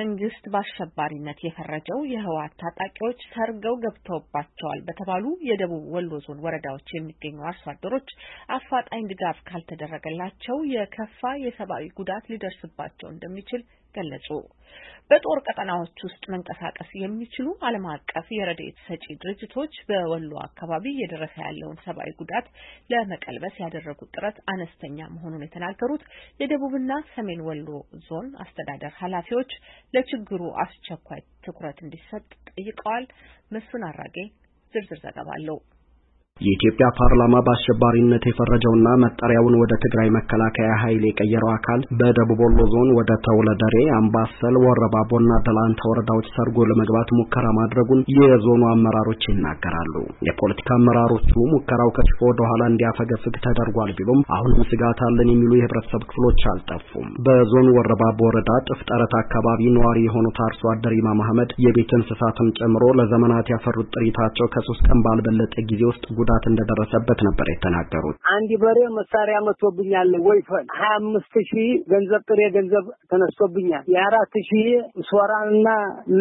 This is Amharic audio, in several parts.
መንግስት በአሸባሪነት የፈረጀው የህወሓት ታጣቂዎች ሰርገው ገብተውባቸዋል በተባሉ የደቡብ ወሎ ዞን ወረዳዎች የሚገኙ አርሶ አደሮች አፋጣኝ ድጋፍ ካልተደረገላቸው የከፋ የሰብአዊ ጉዳት ሊደርስባቸው እንደሚችል ገለጹ። በጦር ቀጠናዎች ውስጥ መንቀሳቀስ የሚችሉ ዓለም አቀፍ የረድኤት ሰጪ ድርጅቶች በወሎ አካባቢ እየደረሰ ያለውን ሰብአዊ ጉዳት ለመቀልበስ ያደረጉት ጥረት አነስተኛ መሆኑን የተናገሩት የደቡብና ሰሜን ወሎ ዞን አስተዳደር ኃላፊዎች ለችግሩ አስቸኳይ ትኩረት እንዲሰጥ ጠይቀዋል። መስፍን አራጌ ዝርዝር ዘገባ አለው። የኢትዮጵያ ፓርላማ በአሸባሪነት የፈረጀውና መጠሪያውን ወደ ትግራይ መከላከያ ኃይል የቀየረው አካል በደቡብ ወሎ ዞን ወደ ተውለደሬ፣ አምባሰል፣ ወረባቦና ደላንታ ወረዳዎች ሰርጎ ለመግባት ሙከራ ማድረጉን የዞኑ አመራሮች ይናገራሉ። የፖለቲካ አመራሮቹ ሙከራው ከሽፎ ወደ ኋላ እንዲያፈገፍግ ተደርጓል ቢሉም አሁንም ስጋት አለን የሚሉ የህብረተሰብ ክፍሎች አልጠፉም። በዞኑ ወረባቦ ወረዳ ጥፍጠረት አካባቢ ነዋሪ የሆኑት አርሶ አደር ኢማም አህመድ የቤት እንስሳትን ጨምሮ ለዘመናት ያፈሩት ጥሪታቸው ከሶስት ቀን ባልበለጠ ጊዜ ውስጥ ጉዳት እንደደረሰበት ነበር የተናገሩት። አንድ በሬ መሳሪያ መቶብኛል ወይፈን ሀያ አምስት ሺህ ገንዘብ ጥሬ ገንዘብ ተነስቶብኛል። የአራት ሺህ ሶራንና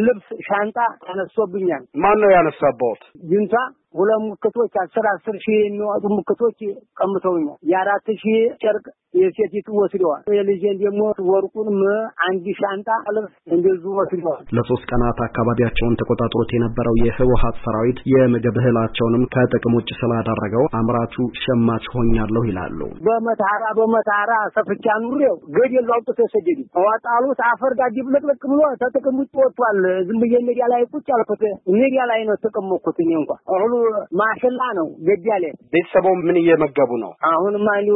ልብስ ሻንጣ ተነስቶብኛል። ማን ነው ያነሳባዎት? ጅንታ ሁለት ሙክቶች አስር አስር ሺህ የሚዋጡ ሙክቶች ቀምተውኛል። የአራት ሺህ ጨርቅ የሴቲቱ ወስደዋል። የልጄን ደግሞ ወርቁንም አንድ ሻንጣ ልብስ እንደዙ ወስደዋል። ለሶስት ቀናት አካባቢያቸውን ተቆጣጥሮት የነበረው የህወሀት ሰራዊት የምግብ እህላቸውንም ከጥቅም ውጭ ስላደረገው አምራቹ ሸማች ሆኛለሁ ይላሉ። በመታራ በመታራ ሰፍቻ ኑሬው ገደሉ አውጥቶ ሰደዱ አዋጣሉት አፈር ጋር ድብልቅልቅ ብሎ ተጥቅም ውጭ ወጥቷል። ዝም ብዬ ሜዲያ ላይ ቁጭ አልኩት። ሜዲያ ላይ ነው ተቀመኩት እኔ እንኳ ማሽላ ነው ገጃሌ። ቤተሰቦ ምን እየመገቡ ነው? አሁንማ ማሊ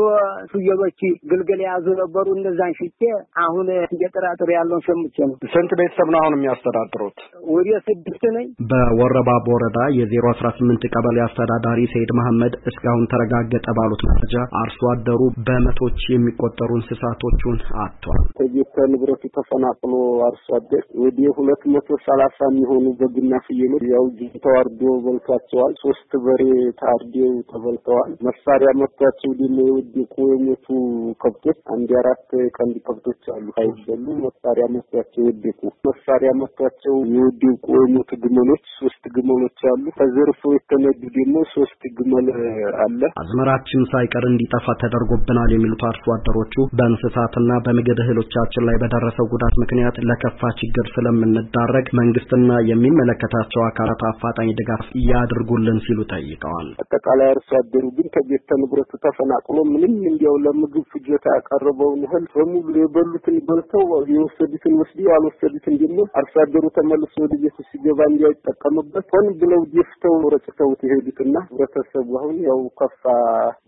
ፍየሎች ግልግል የያዙ ነበሩ። እነዛን ሽጬ አሁን እየጠራጥር ያለውን ሸምቼ ነው። ስንት ቤተሰብ ነው አሁን የሚያስተዳድሩት? ወደ ስድስት ነኝ። በወረባቦ ወረዳ የዜሮ አስራ ስምንት ቀበሌ አስተዳዳሪ ሰይድ መሐመድ እስካሁን ተረጋገጠ ባሉት መረጃ አርሶ አደሩ በመቶች የሚቆጠሩ እንስሳቶቹን አጥቷል። ከዚህ ንብረቱ ተፈናቅሎ አርሶ አደር ወደ ሁለት መቶ ሰላሳ የሚሆኑ በግና ፍየሎች ያው ተዋርዶ በልቷቸዋል። ተገድለዋል። ሶስት በሬ ታርደው ተበልተዋል። መሳሪያ መቷቸው ደሞ የወደቁ የሞቱ ከብቶች አንድ አራት ቀንድ ከብቶች አሉ ሳይበሉ መሳሪያ መጥቷቸው የወደቁ መሳሪያ መቷቸው የወደቁ የሞቱ ግመሎች ሶስት ግመሎች አሉ። ተዘርፎ የተነዱ ደግሞ ሶስት ግመል አለ። አዝመራችን ሳይቀር እንዲጠፋ ተደርጎብናል የሚሉት አርሶ አደሮቹ በእንስሳትና በምግብ እህሎቻችን ላይ በደረሰው ጉዳት ምክንያት ለከፋ ችግር ስለምንዳረግ መንግስትና የሚመለከታቸው አካላት አፋጣኝ ድጋፍ እያድርጉ ይፍጠሩልን ሲሉ ጠይቀዋል። አጠቃላይ አርሶ አደሩ ግን ከቤተ ንብረቱ ተፈናቅሎ ምንም እንዲያው ለምግብ ፍጆታ ያቀረበውን እህል በሙሉ የበሉትን በልተው የወሰዱትን ወስደው ያልወሰዱትን ደግሞ አርሶ አደሩ ተመልሶ ወደ ቤቱ ሲገባ ይጠቀምበት ሆን ብለው ደፍተው ረጭተውት የሄዱትና ህብረተሰቡ አሁን ያው ከፋ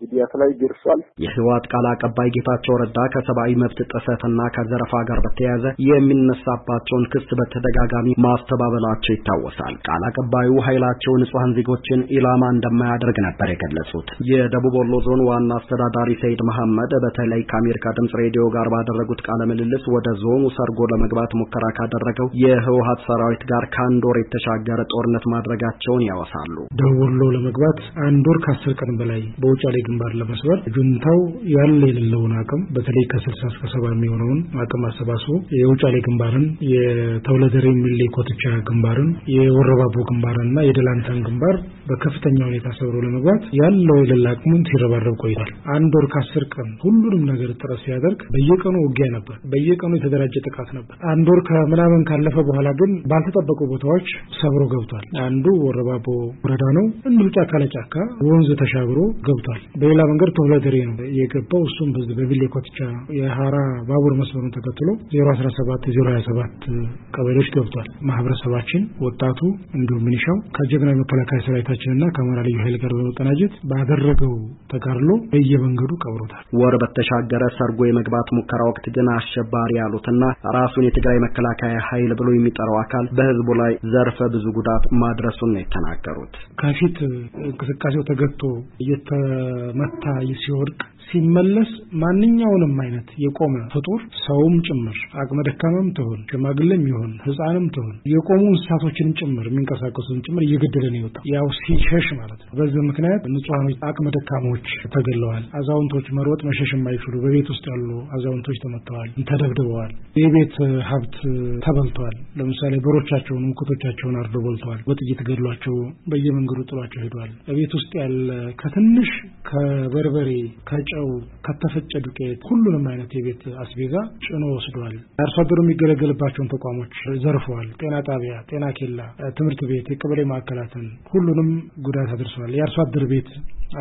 ጉዳት ላይ ደርሷል። የህወሓት ቃል አቀባይ ጌታቸው ረዳ ከሰብአዊ መብት ጥሰትና ከዘረፋ ጋር በተያያዘ የሚነሳባቸውን ክስ በተደጋጋሚ ማስተባበላቸው ይታወሳል። ቃል አቀባዩ ኃይላቸው ንጹሐን ዜጎች ሰዎችን ኢላማ እንደማያደርግ ነበር የገለጹት። የደቡብ ወሎ ዞን ዋና አስተዳዳሪ ሰይድ መሐመድ በተለይ ከአሜሪካ ድምጽ ሬዲዮ ጋር ባደረጉት ቃለ ምልልስ ወደ ዞኑ ሰርጎ ለመግባት ሙከራ ካደረገው የህወሀት ሰራዊት ጋር ከአንድ ወር የተሻገረ ጦርነት ማድረጋቸውን ያወሳሉ። ደቡብ ወሎ ለመግባት አንድ ወር ከአስር ቀን በላይ በውጫሌ ግንባር ለመስበር ጁንታው ያለ የሌለውን አቅም በተለይ ከስልሳ እስከ ሰባ የሚሆነውን አቅም አሰባስቦ የውጫሌ ግንባርን የተውለደሬ ሚሌ ኮትቻ ግንባርን የወረባቦ ግንባርንና የደላንታን ግንባር በከፍተኛ ሁኔታ ሰብሮ ለመግባት ያለው የሌላ አቅሙን ሲረባረብ ቆይቷል። አንድ ወር ከአስር ቀን ሁሉንም ነገር ጥረት ሲያደርግ በየቀኑ ውጊያ ነበር፣ በየቀኑ የተደራጀ ጥቃት ነበር። አንድ ወር ከምናምን ካለፈ በኋላ ግን ባልተጠበቁ ቦታዎች ሰብሮ ገብቷል። አንዱ ወረባቦ ወረዳ ነው። እንዲሁ ጫካ ለጫካ ወንዝ ተሻግሮ ገብቷል። በሌላ መንገድ ቶብለደሬ ነው የገባው። እሱም በዚህ በቢሌ ኮትቻ የሀራ ባቡር መስመሩን ተከትሎ ዜሮ አስራ ሰባት ዜሮ ሀያ ሰባት ቀበሌዎች ገብቷል። ማህበረሰባችን ወጣቱ እንዲሁም ሚኒሻው ከጀግና መከላከያ ስራ። ሰራዊታችንና ከአማራ ልዩ ኃይል ጋር በመቀናጀት ባደረገው ተጋድሎ በየመንገዱ ቀብሮታል። ወር በተሻገረ ሰርጎ የመግባት ሙከራ ወቅት ግን አሸባሪ ያሉትና ራሱን የትግራይ መከላከያ ኃይል ብሎ የሚጠራው አካል በህዝቡ ላይ ዘርፈ ብዙ ጉዳት ማድረሱን ነው የተናገሩት። ከፊት እንቅስቃሴው ተገቶ እየተመታ ሲወድቅ ሲመለስ ማንኛውንም አይነት የቆመ ፍጡር ሰውም ጭምር አቅመ ደካማም ትሆን ሽማግሌም ይሆን ህፃንም ትሆን የቆሙ እንስሳቶችን ጭምር የሚንቀሳቀሱን ጭምር እየገደለ ነው ያው ሲሸሽ ማለት ነው። በዚህ ምክንያት ንጹሐኖች አቅመ ደካሞች ተገለዋል። አዛውንቶች መሮጥ መሸሽ የማይችሉ በቤት ውስጥ ያሉ አዛውንቶች ተመተዋል፣ ተደብድበዋል። የቤት ሀብት ተበልተዋል። ለምሳሌ በሮቻቸውን ሙክቶቻቸውን አርዶ በልተዋል። በጥይት ገድሏቸው በየመንገዱ ጥሏቸው ሄዷል። በቤት ውስጥ ያለ ከትንሽ ከበርበሬ ከጨው ከሚሸጠው ከተፈጨ ዱቄት ሁሉንም አይነት የቤት አስቤዛ ጭኖ ወስዷል። አርሶ አደሩ የሚገለገልባቸውን ተቋሞች ዘርፈዋል። ጤና ጣቢያ፣ ጤና ኬላ፣ ትምህርት ቤት፣ የቀበሌ ማዕከላትን ሁሉንም ጉዳት አድርሰዋል። የአርሶ አደር ቤት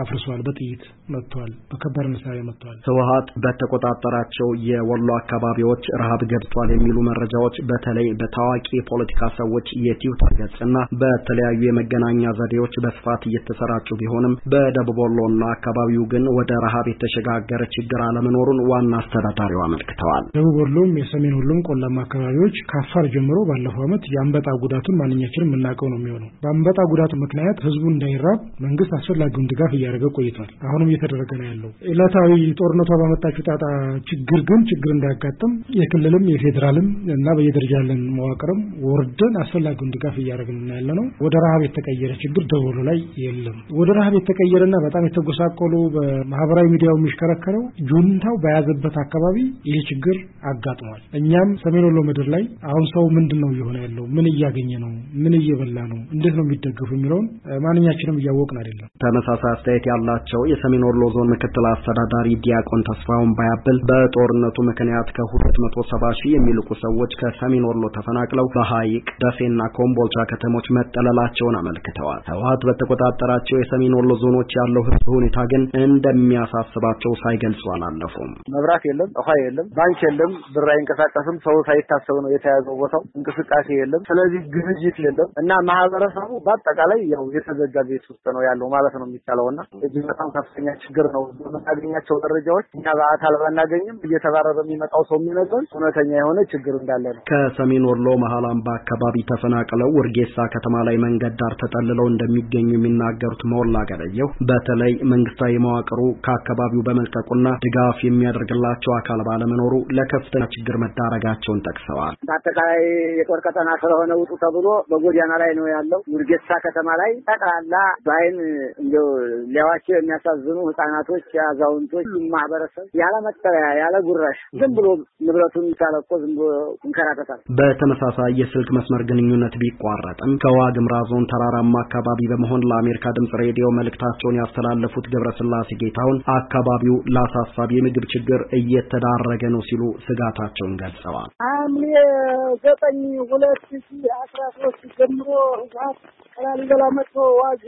አፍርሷል፣ በጥይት መጥቷል፣ በከባድ መሳሪያ መጥቷል። ህወሀት በተቆጣጠራቸው የወሎ አካባቢዎች ረሃብ ገብቷል የሚሉ መረጃዎች በተለይ በታዋቂ የፖለቲካ ሰዎች የትዊተር ገጽና በተለያዩ የመገናኛ ዘዴዎች በስፋት እየተሰራጩ ቢሆንም በደቡብ ወሎና አካባቢው ግን ወደ ረሃብ የተሸጋገረ ችግር አለመኖሩን ዋና አስተዳዳሪው አመልክተዋል። ደቡብ ወሎም የሰሜን ሁሉም ቆላማ አካባቢዎች ከአፋር ጀምሮ ባለፈው ዓመት የአንበጣ ጉዳቱን ማንኛችንም የምናውቀው ነው የሚሆነው። በአንበጣ ጉዳቱ ምክንያት ህዝቡ እንዳይራብ መንግስት አስፈላጊውን ድጋፍ እያደረገ ቆይቷል። አሁንም እየተደረገ ነው ያለው። ዕለታዊ ጦርነቷ ባመጣችው ጣጣ ችግር ግን ችግር እንዳያጋጥም የክልልም የፌዴራልም እና በየደረጃ ያለን መዋቅርም ወርደን አስፈላጊውን ድጋፍ እያደረግን ያለ ነው። ወደ ረሃብ የተቀየረ ችግር ደወሉ ላይ የለም። ወደ ረሃብ የተቀየረና በጣም የተጎሳቆሉ በማህበራዊ ሚዲያው የሚሽከረከረው ጁንታው በያዘበት አካባቢ ይህ ችግር አጋጥሟል። እኛም ሰሜን ወሎ ምድር ላይ አሁን ሰው ምንድን ነው እየሆነ ያለው? ምን እያገኘ ነው? ምን እየበላ ነው? እንዴት ነው የሚደገፉ የሚለውን ማንኛችንም እያወቅን አይደለም። ተነሳሳት አስተያየት ያላቸው የሰሜን ወሎ ዞን ምክትል አስተዳዳሪ ዲያቆን ተስፋውን ባያብል በጦርነቱ ምክንያት ከሁለት መቶ ሰባ ሺህ የሚልቁ ሰዎች ከሰሜን ወሎ ተፈናቅለው በሀይቅ ደሴና ኮምቦልቻ ከተሞች መጠለላቸውን አመልክተዋል። ህወሀት በተቆጣጠራቸው የሰሜን ወሎ ዞኖች ያለው ህዝብ ሁኔታ ግን እንደሚያሳስባቸው ሳይገልጹ አላለፉም። መብራት የለም፣ ውሃ የለም፣ ባንክ የለም፣ ብር አይንቀሳቀስም። ሰው ሳይታሰብ ነው የተያዘው ቦታው፣ እንቅስቃሴ የለም። ስለዚህ ግብይት የለም እና ማህበረሰቡ በአጠቃላይ ያው የተዘጋ ቤት ውስጥ ነው ያለው ማለት ነው የሚቻለው እና እጅግ በጣም ከፍተኛ ችግር ነው። በምናገኛቸው መረጃዎች እኛ በአካል ባናገኝም እየተባረ በሚመጣው ሰው የሚነግረን እውነተኛ የሆነ ችግር እንዳለ ነው። ከሰሜን ወሎ መሀል አምባ አካባቢ ተፈናቅለው ውርጌሳ ከተማ ላይ መንገድ ዳር ተጠልለው እንደሚገኙ የሚናገሩት መወላ ገለየው በተለይ መንግስታዊ መዋቅሩ ከአካባቢው በመልቀቁና ድጋፍ የሚያደርግላቸው አካል ባለመኖሩ ለከፍተኛ ችግር መዳረጋቸውን ጠቅሰዋል። በአጠቃላይ የጦር ቀጠና ስለሆነ ውጡ ተብሎ በጎዳና ላይ ነው ያለው። ውርጌሳ ከተማ ላይ ጠቅላላ በአይን እንዲያው ሊያዋቸው የሚያሳዝኑ ህጻናቶች፣ አዛውንቶች፣ ማህበረሰብ ያለ መጠለያ ያለ ጉራሽ ዝም ብሎ ንብረቱን ሳለቆ ዝም ብሎ ይንከራተታል። በተመሳሳይ የስልክ መስመር ግንኙነት ቢቋረጥም ከዋግምራ ዞን ተራራማ አካባቢ በመሆን ለአሜሪካ ድምጽ ሬዲዮ መልእክታቸውን ያስተላለፉት ገብረስላሴ ጌታውን አካባቢው ለአሳሳቢ የምግብ ችግር እየተዳረገ ነው ሲሉ ስጋታቸውን ገልጸዋል። ሐምሌ ዘጠኝ ሁለት ሺ አስራ ሶስት ጀምሮ ህወሓት ከላሊበላ መጥቶ ዋግ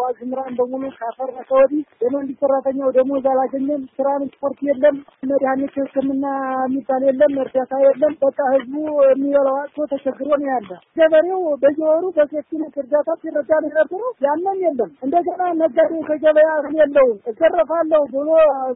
ዋግ ምራን በሙሉ ካፈራ ከወዲህ የመንግስት ሰራተኛው ደሞዝ አላገኘም፣ ስራ ትራንስፖርት የለም፣ መድኃኒት ሕክምና የሚባል የለም፣ እርዳታ የለም። በቃ ህዝቡ የሚበላው አጥቶ ተቸግሮ ነው ያለ። ገበሬው በየወሩ በሴፍቲነት እርዳታ ሲረዳ ነበሩ። የነበረው፣ ያንም የለም። እንደገና ነጋዴው ከገበያ እህል የለውም እዘረፋለሁ ብሎ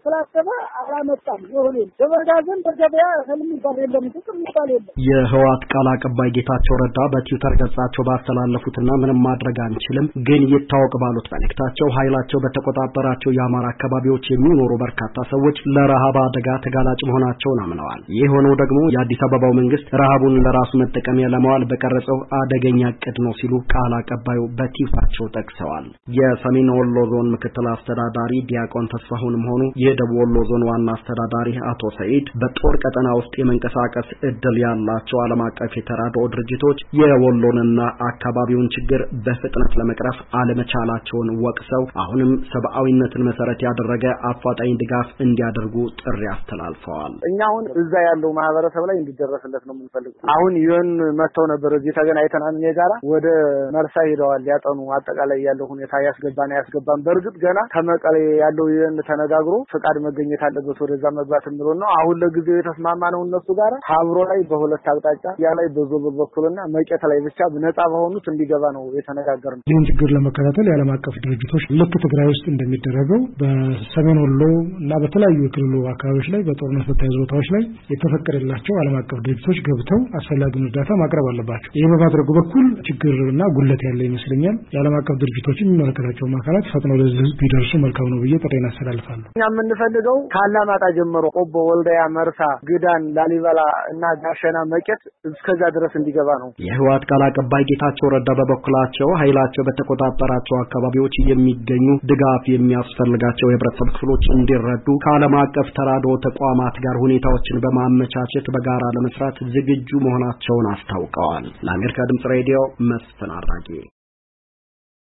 ስላሰበ አላመጣም። ይሁን በመጋዘን በገበያ እህል የሚባል የለም፣ ፍቅር የሚባል የለም። የህወሓት ቃል አቀባይ ጌታቸው ረዳ በትዊተር ገጻቸው ባስተላለፉትና ምንም ማድረግ አንችልም ግን ይታወቅ ባሉት መልእክታቸው ሀይላ መንግስታቸው በተቆጣጠራቸው የአማራ አካባቢዎች የሚኖሩ በርካታ ሰዎች ለረሃብ አደጋ ተጋላጭ መሆናቸውን አምነዋል። ይህ ሆነው ደግሞ የአዲስ አበባው መንግስት ረሃቡን ለራሱ መጠቀሚያ ለመዋል በቀረጸው አደገኛ እቅድ ነው ሲሉ ቃል አቀባዩ በቲፋቸው ጠቅሰዋል። የሰሜን ወሎ ዞን ምክትል አስተዳዳሪ ዲያቆን ተስፋሁንም ሆኑ የደቡብ ወሎ ዞን ዋና አስተዳዳሪ አቶ ሰይድ በጦር ቀጠና ውስጥ የመንቀሳቀስ እድል ያላቸው ዓለም አቀፍ የተራድኦ ድርጅቶች የወሎንና አካባቢውን ችግር በፍጥነት ለመቅረፍ አለመቻላቸውን ወቅሰው አሁን አሁንም ሰብአዊነትን መሰረት ያደረገ አፋጣኝ ድጋፍ እንዲያደርጉ ጥሪ አስተላልፈዋል። እኛ አሁን እዛ ያለው ማህበረሰብ ላይ እንዲደረስለት ነው የምንፈልገው። አሁን ይህን መጥተው ነበር እዚህ ተገናኝተናል። ጋራ ወደ መርሳ ሄደዋል ያጠኑ አጠቃላይ ያለው ሁኔታ ያስገባን ያስገባን። በእርግጥ ገና ከመቀሌ ያለው ይህን ተነጋግሮ ፍቃድ መገኘት አለበት ወደዛ መግባት የምለው ነው። አሁን ለጊዜው የተስማማ ነው እነሱ ጋር ሀብሮ ላይ በሁለት አቅጣጫ ያ ላይ በዞብር በኩልና መቄት ላይ ብቻ ነጻ በሆኑት እንዲገባ ነው የተነጋገር ነው። ይህን ችግር ለመከታተል የዓለም አቀፍ ድርጅቶች ልክ ትግራይ ውስጥ እንደሚደረገው በሰሜን ወሎ እና በተለያዩ የክልሉ አካባቢዎች ላይ በጦርነት በተያዙ ቦታዎች ላይ የተፈቀደላቸው ዓለም አቀፍ ድርጅቶች ገብተው አስፈላጊውን እርዳታ ማቅረብ አለባቸው። ይህ በማድረጉ በኩል ችግርና ጉለት ያለ ይመስለኛል። የዓለም አቀፍ ድርጅቶች የሚመለከታቸውም አካላት ፈጥነው ለዚህ ህዝብ ቢደርሱ መልካም ነው ብዬ ጥሬን አስተላልፋለሁ። እኛ የምንፈልገው ከአላማጣ ጀምሮ ቆቦ፣ ወልዳያ፣ መርሳ፣ ግዳን፣ ላሊበላ እና ጋሸና መቄት እስከዛ ድረስ እንዲገባ ነው። የህወሓት ቃል አቀባይ ጌታቸው ረዳ በበኩላቸው ኃይላቸው በተቆጣጠራቸው አካባቢዎች የሚገኙ ድጋፍ የሚያስፈልጋቸው የህብረተሰብ ክፍሎች እንዲረዱ ከዓለም አቀፍ ተራድኦ ተቋማት ጋር ሁኔታዎችን በማመቻቸት በጋራ ለመስራት ዝግጁ መሆናቸውን አስታውቀዋል። ለአሜሪካ ድምጽ ሬዲዮ መስፍን አራጌ